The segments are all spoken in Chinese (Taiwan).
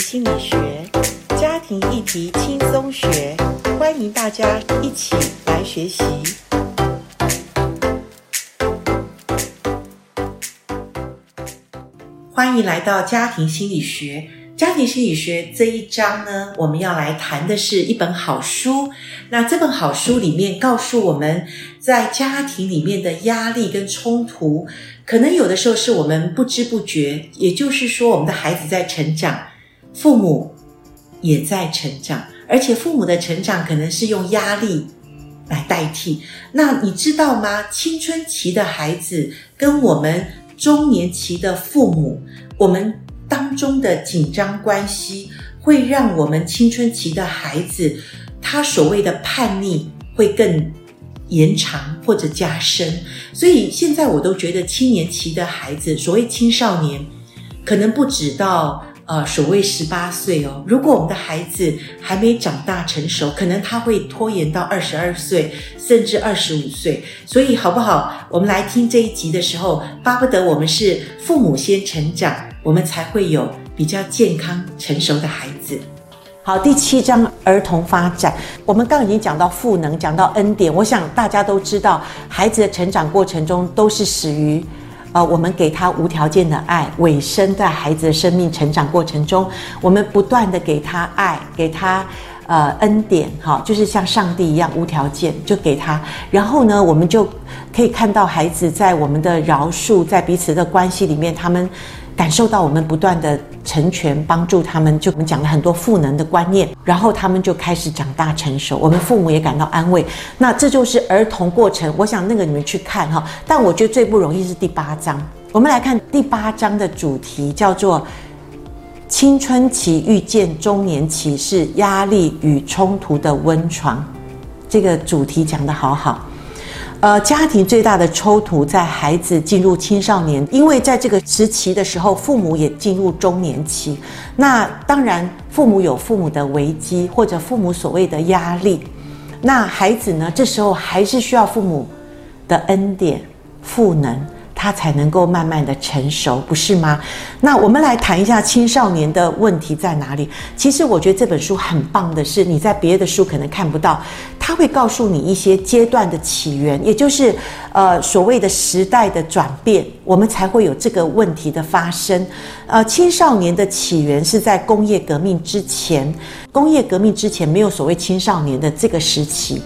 心理學，家庭議題輕鬆學，歡迎大家一起來學習。歡迎來到家庭心理學。家庭心理學這一章呢，我們要來談的是一本好書。那這本好書裡面告訴我們，在家庭裡面的壓力跟衝突，可能有的時候是我們不知不覺。也就是說，我們的孩子在成長。父母也在成長，而且父母的成長可能是用壓力來代替。那你知道嗎？青春期的孩子跟我們中年期的父母，我們當中的緊張關係，會讓我們青春期的孩子，他所謂的叛逆，會更延長或者加深。所以現在我都覺得，青年期的孩子，所謂青少年，可能不止到。呃，所謂十八歲哦，如果我們的孩子還沒長大成熟，可能他會拖延到二十二歲，甚至二十五歲。所以好不好？我們來聽這一集的時候，巴不得我們是父母先成長，我們才會有比較健康成熟的孩子。好，第七章兒童發展，我們剛已經講到賦能，講到恩典，我想大家都知道，孩子的成長過程中都是始於。呃，我們給他無條件的愛，尾聲，在孩子的生命成長過程中，我們不斷的給他愛，給他呃恩典，哈、哦，就是像上帝一樣無條件就給他。然後呢，我們就可以看到孩子在我們的饒恕，在彼此的關係裡面，他們，感受到我們不斷的成全、幫助他們，就我們講了很多賦能的觀念，然後他們就開始長大成熟。我們父母也感到安慰。那這就是兒童過程。我想那個你們去看哈、哦。但我覺得最不容易是第八章。我們來看第八章的主題，叫做“青春期遇見中年期是壓力與衝突的溫床”。這個主題講得好好。呃，家庭最大的衝突在孩子進入青少年，因為在這個時期的時候，父母也進入中年期。那當然，父母有父母的危機或者父母所謂的壓力。那孩子呢？這時候還是需要父母的恩典賦能，他才能夠慢慢的成熟，不是嗎？那我們來談一下青少年的問題在哪裡？其實我覺得這本書很棒的是，你在別的書可能看不到。他會告訴你一些階段的起源，也就是，呃，所謂的時代的轉變，我們才會有這個問題的發生。呃，青少年的起源是在工業革命之前，工業革命之前沒有所謂青少年的這個時期，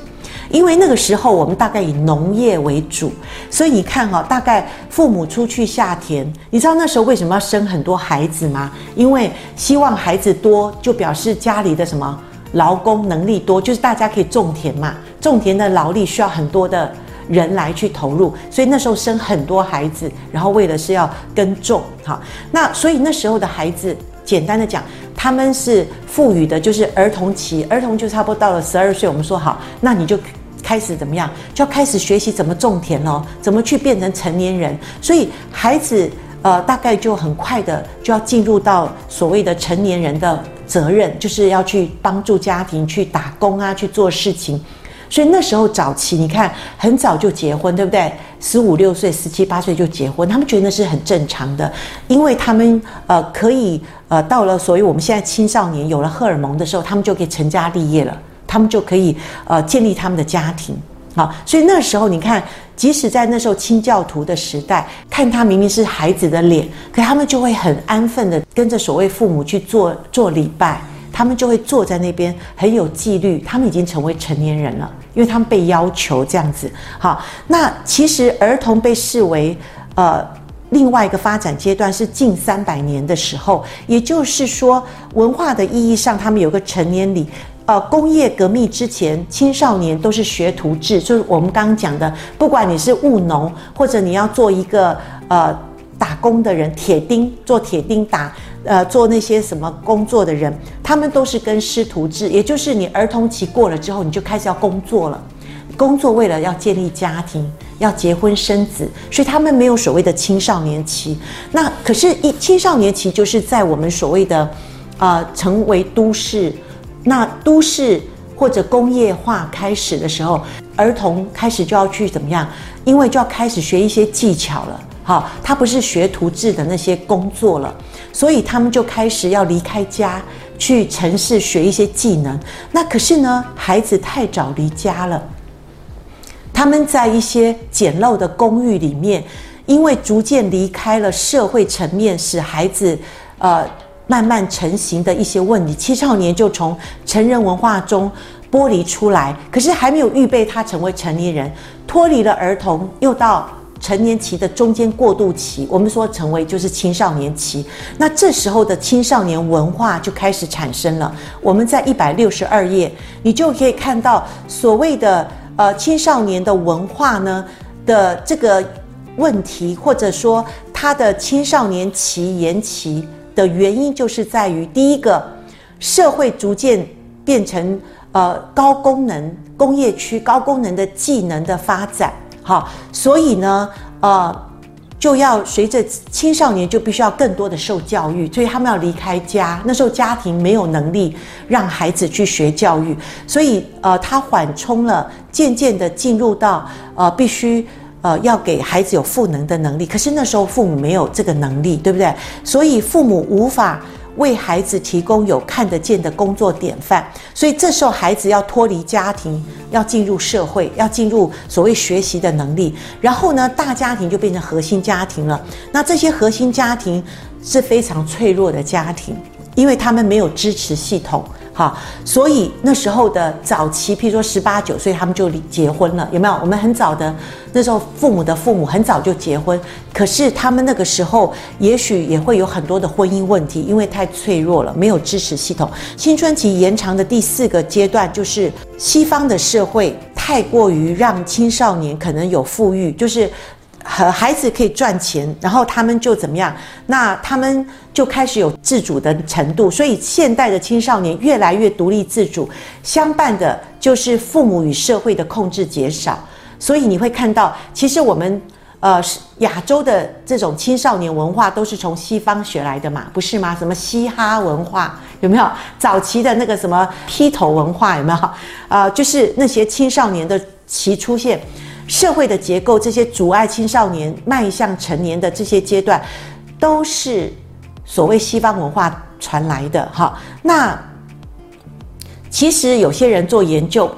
因為那個時候我們大概以農業為主，所以你看哈、哦，大概父母出去下田，你知道那時候為什麼要生很多孩子嗎？因為希望孩子多，就表示家裡的什麼？勞工能力多，就是大家可以種田嘛，種田的勞力需要很多的人來去投入，所以那時候生很多孩子，然後為的是要耕種，好，那所以那時候的孩子，簡單的講，他們是賦予的就是兒童期，兒童就差不多到了十二歲，我們說好，那你就開始怎麼樣，就要開始學習怎麼種田咯，怎麼去變成成年人，所以孩子呃大概就很快的就要進入到所謂的成年人的。責任就是要去幫助家庭，去打工啊，去做事情。所以那時候早期，你看很早就結婚，對不對？十五六歲、十七八歲就結婚，他們覺得那是很正常的，因為他們呃可以呃到了，所以我們現在青少年有了荷爾蒙的時候，他們就可以成家立業了，他們就可以呃建立他們的家庭。好，所以那時候你看，即使在那時候清教徒的時代，看他明明是孩子的臉，可他們就會很安分地跟着所謂父母去做做禮拜，他們就會坐在那邊很有紀律。他們已經成為成年人了，因為他們被要求這樣子。好，那其實兒童被視為呃另外一個發展階段是近三百年的時候，也就是說文化的意義上，他們有個成年禮。呃，工業革命之前，青少年都是學徒制，就是我們剛剛講的，不管你是務農，或者你要做一個呃打工的人，鐵釘做鐵釘打，呃，做那些什麼工作的人，他們都是跟師徒制，也就是你兒童期過了之後，你就開始要工作了，工作為了要建立家庭，要結婚生子，所以他們沒有所謂的青少年期。那可是，一青少年期就是在我們所謂的，呃，成為都市。那都市或者工業化開始的時候，兒童開始就要去怎麼樣？因為就要開始學一些技巧了，好、哦，他不是學徒制的那些工作了，所以他們就開始要離開家去城市學一些技能。那可是呢，孩子太早離家了，他們在一些簡陋的公寓裡面，因為逐漸離開了社會層面，使孩子，呃。慢慢成型的一些問題，青少年就從成人文化中剝離出來，可是還沒有預備他成為成年人，脫離了兒童，又到成年期的中間過渡期。我們說成為就是青少年期，那這時候的青少年文化就開始產生了。我們在一百六十二頁，你就可以看到所謂的，呃，青少年的文化呢的這個問題，或者說他的青少年期延期。的原因就是在於，第一個，社會逐漸變成呃高功能工業區，高功能的技能的發展，哈、哦，所以呢，呃，就要隨着青少年就必須要更多的受教育，所以他們要離開家，那時候家庭沒有能力讓孩子去學教育，所以呃，他緩衝了，漸漸的進入到呃必須。呃，要給孩子有賦能的能力，可是那時候父母沒有這個能力，對不對？所以父母無法為孩子提供有看得見的工作典範，所以這時候孩子要脫離家庭，要進入社會，要進入所謂學習的能力。然後呢，大家庭就變成核心家庭了。那這些核心家庭是非常脆弱的家庭，因為他們沒有支持系統。好，所以那時候的早期，譬如說十八九歲，他們就結婚了，有沒有？我們很早的那時候，父母的父母很早就結婚，可是他們那個時候也許也會有很多的婚姻問題，因為太脆弱了，沒有支持系統。青春期延長的第四個階段，就是西方的社會太過於讓青少年可能有富裕，就是。和孩子可以賺錢，然後他們就怎麼樣？那他們就開始有自主的程度，所以現代的青少年越來越獨立自主，相伴的就是父母與社會的控制減少。所以你會看到，其實我們呃亞洲的這種青少年文化都是從西方學來的嘛，不是嗎？什麼嘻哈文化有沒有？早期的那個什麼披頭文化有沒有？啊、呃，就是那些青少年的其出現。社會的結構，這些阻礙青少年邁向成年的這些階段，都是所謂西方文化傳來的。好，那其實有些人做研究，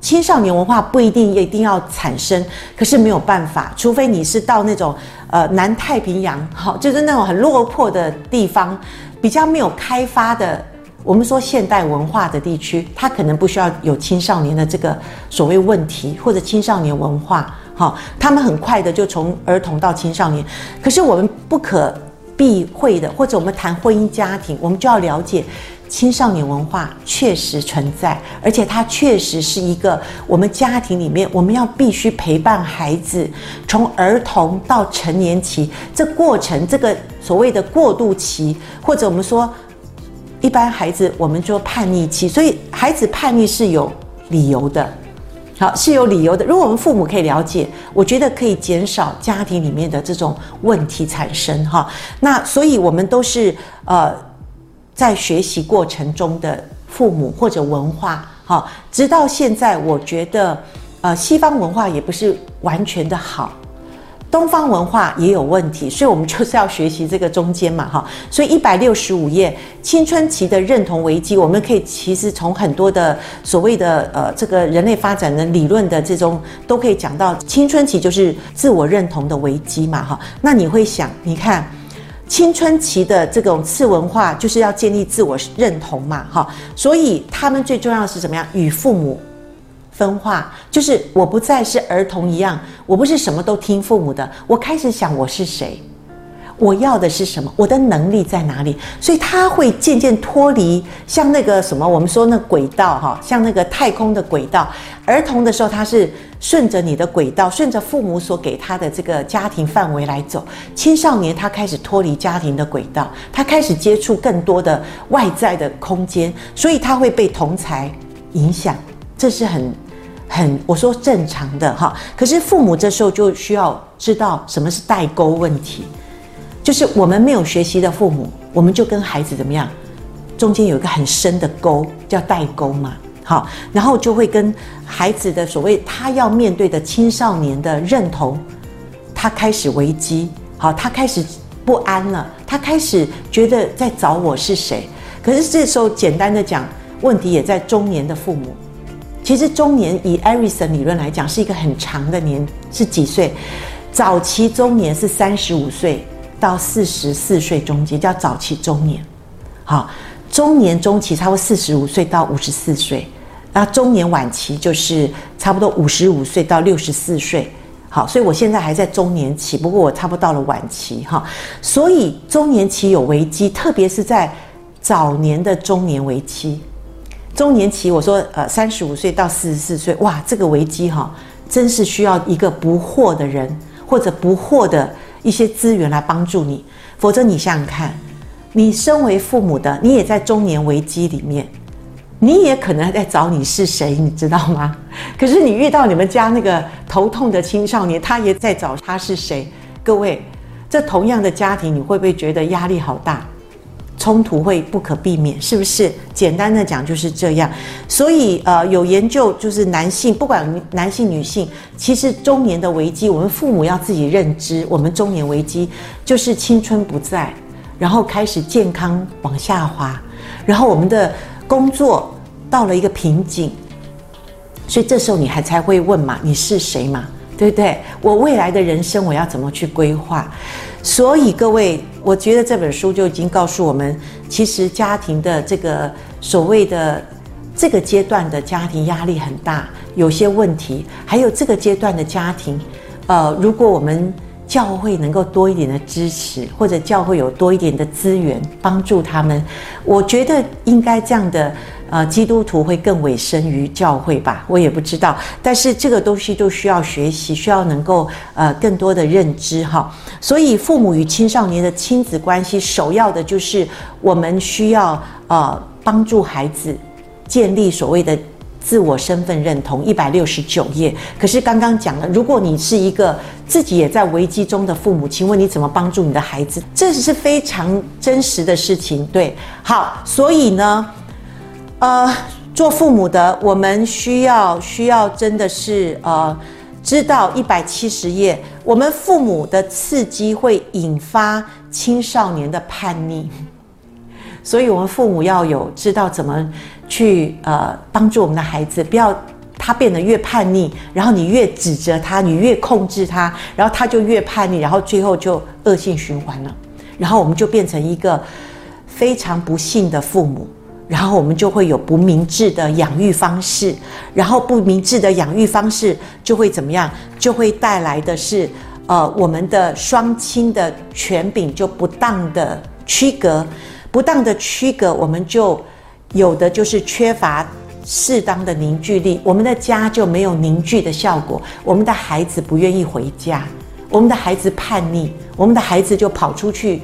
青少年文化不一定一定要產生，可是沒有辦法，除非你是到那種呃南太平洋，好，就是那種很落魄的地方，比較沒有開發的。我們說現代文化的地區，它可能不需要有青少年的這個所謂問題或者青少年文化，哈、哦，他們很快的就從兒童到青少年。可是我們不可避諱的，或者我們談婚姻家庭，我們就要了解青少年文化確實存在，而且它確實是一個我們家庭裡面我們要必須陪伴孩子從兒童到成年期這過程這個所謂的過渡期，或者我們說。一般孩子，我們做叛逆期，所以孩子叛逆是有理由的，好，是有理由的。如果我們父母可以了解，我覺得可以減少家庭裡面的這種問題產生哈。那所以我們都是呃，在學習過程中的父母或者文化哈，直到現在，我覺得呃西方文化也不是完全的好。東方文化也有問題，所以我們就是要學習這個中間嘛，哈。所以一百六十五頁，青春期的認同危機，我們可以其實從很多的所謂的呃，這個人類發展的理論的這種都可以講到，青春期就是自我認同的危機嘛，哈。那你會想，你看，青春期的這種次文化就是要建立自我認同嘛，哈。所以他們最重要的是怎麼樣與父母？分化就是我不再是兒童一樣，我不是什麼都聽父母的，我開始想我是誰，我要的是什麼，我的能力在哪裡，所以他會漸漸脫離像那個什麼我們說那軌道哈，像那個太空的軌道。兒童的時候他是順着你的軌道，順着父母所給他的這個家庭範圍來走；青少年他開始脫離家庭的軌道，他開始接觸更多的外在的空間，所以他會被同儕影響，這是很。很，我說正常的哈，可是父母這時候就需要知道什麼是代溝問題，就是我們沒有學習的父母，我們就跟孩子怎麼樣，中間有一個很深的溝叫代溝嘛，好，然後就會跟孩子的所謂他要面對的青少年的認同，他開始危機，好，他開始不安了，他開始覺得在找我是誰，可是這時候簡單的講，問題也在中年的父母。其實中年以艾瑞森理論來講，是一個很長的年，是幾歲？早期中年是三十五歲到四十四歲中間，叫早期中年。好，中年中期差不多四十五歲到五十四歲，那中年晚期就是差不多五十五歲到六十四歲。好，所以我現在還在中年期，不過我差不多到了晚期哈。所以中年期有危機，特別是在早年的中年危機。中年期，我說，呃，三十五歲到四十四歲，哇，這個危機哈、哦，真是需要一個不惑的人或者不惑的一些資源來幫助你，否則你想想看，你身為父母的，你也在中年危機裡面，你也可能還在找你是誰，你知道嗎？可是你遇到你們家那個頭痛的青少年，他也在找他是誰，各位，這同樣的家庭，你會不會覺得壓力好大？衝突會不可避免，是不是？簡單的講就是這樣。所以，呃，有研究就是男性，不管男性女性，其實中年的危機，我們父母要自己認知。我們中年危機就是青春不在，然後開始健康往下滑，然後我們的工作到了一個瓶頸。所以這時候你還才會問嘛？你是誰嘛？對不對？我未來的人生我要怎麼去規劃？所以各位，我覺得這本書就已經告訴我們，其實家庭的這個所謂的這個階段的家庭壓力很大，有些問題，還有這個階段的家庭，呃，如果我們教會能夠多一點的支持，或者教會有多一點的資源幫助他們，我覺得應該這樣的。呃，基督徒會更委身於教會吧？我也不知道。但是這個東西都需要學習，需要能夠呃更多的認知哈哦。所以父母與青少年的親子關係，首要的就是我們需要呃幫助孩子建立所謂的自我身份認同。一百六十九頁。可是剛剛講了，如果你是一個自己也在危機中的父母，請問你怎麼幫助你的孩子？這是非常真實的事情。對，好，所以呢？呃，做父母的，我們需要需要真的是呃，知道一百七十頁，我們父母的刺激會引發青少年的叛逆，所以我們父母要有知道怎麼去呃幫助我們的孩子，不要他變得越叛逆，然後你越指責他，你越控制他，然後他就越叛逆，然後最後就惡性循環了，然後我們就變成一個非常不幸的父母。然後我們就會有不明智的養育方式，然後不明智的養育方式就會怎麼樣？就會帶來的是，呃，我們的雙親的權柄就不當的區隔，不當的區隔，我們就有的就是缺乏適當的凝聚力，我們的家就沒有凝聚的效果，我們的孩子不願意回家，我們的孩子叛逆，我們的孩子就跑出去。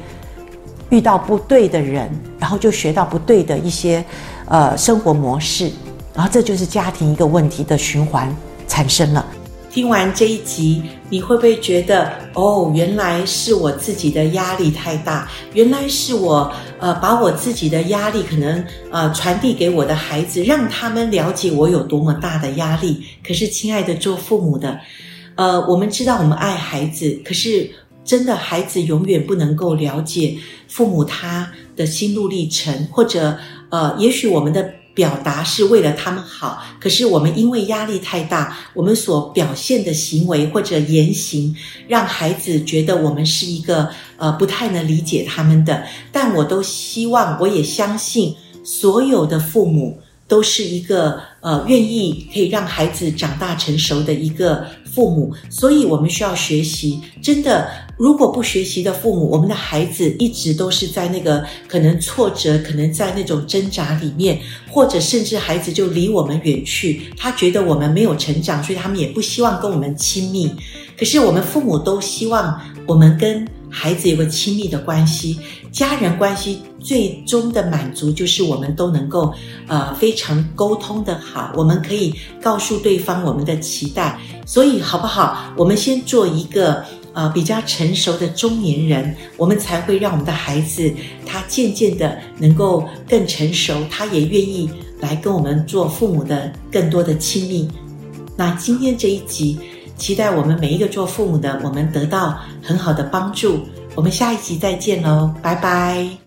遇到不對的人，然後就學到不對的一些，呃，生活模式，然後這就是家庭一個問題的循環產生了。聽完這一集，你會不會覺得哦，原來是我自己的壓力太大，原來是我呃把我自己的壓力可能呃傳遞給我的孩子，讓他們了解我有多麼大的壓力？可是，親愛的，做父母的，呃，我們知道我們愛孩子，可是。真的，孩子永遠不能夠了解父母他的心路歷程，或者呃，也許我們的表達是為了他們好，可是我們因為壓力太大，我們所表現的行為或者言行，讓孩子覺得我們是一個呃不太能理解他們的。但我都希望，我也相信所有的父母都是一個呃願意可以讓孩子長大成熟的一個父母，所以我們需要學習，真的。如果不學習的父母，我們的孩子一直都是在那個可能挫折，可能在那種掙扎裡面，或者甚至孩子就離我們遠去。他覺得我們沒有成長，所以他們也不希望跟我們親密。可是我們父母都希望我們跟孩子有個親密的關係，家人關係最終的滿足就是我們都能夠呃非常溝通的好，我們可以告訴對方我們的期待。所以好不好？我們先做一個。啊、呃，比較成熟的中年人，我們才會讓我們的孩子，他漸漸的能夠更成熟，他也願意來跟我們做父母的更多的親密。那今天這一集，期待我們每一個做父母的，我們得到很好的幫助。我們下一集再見嘍，拜拜。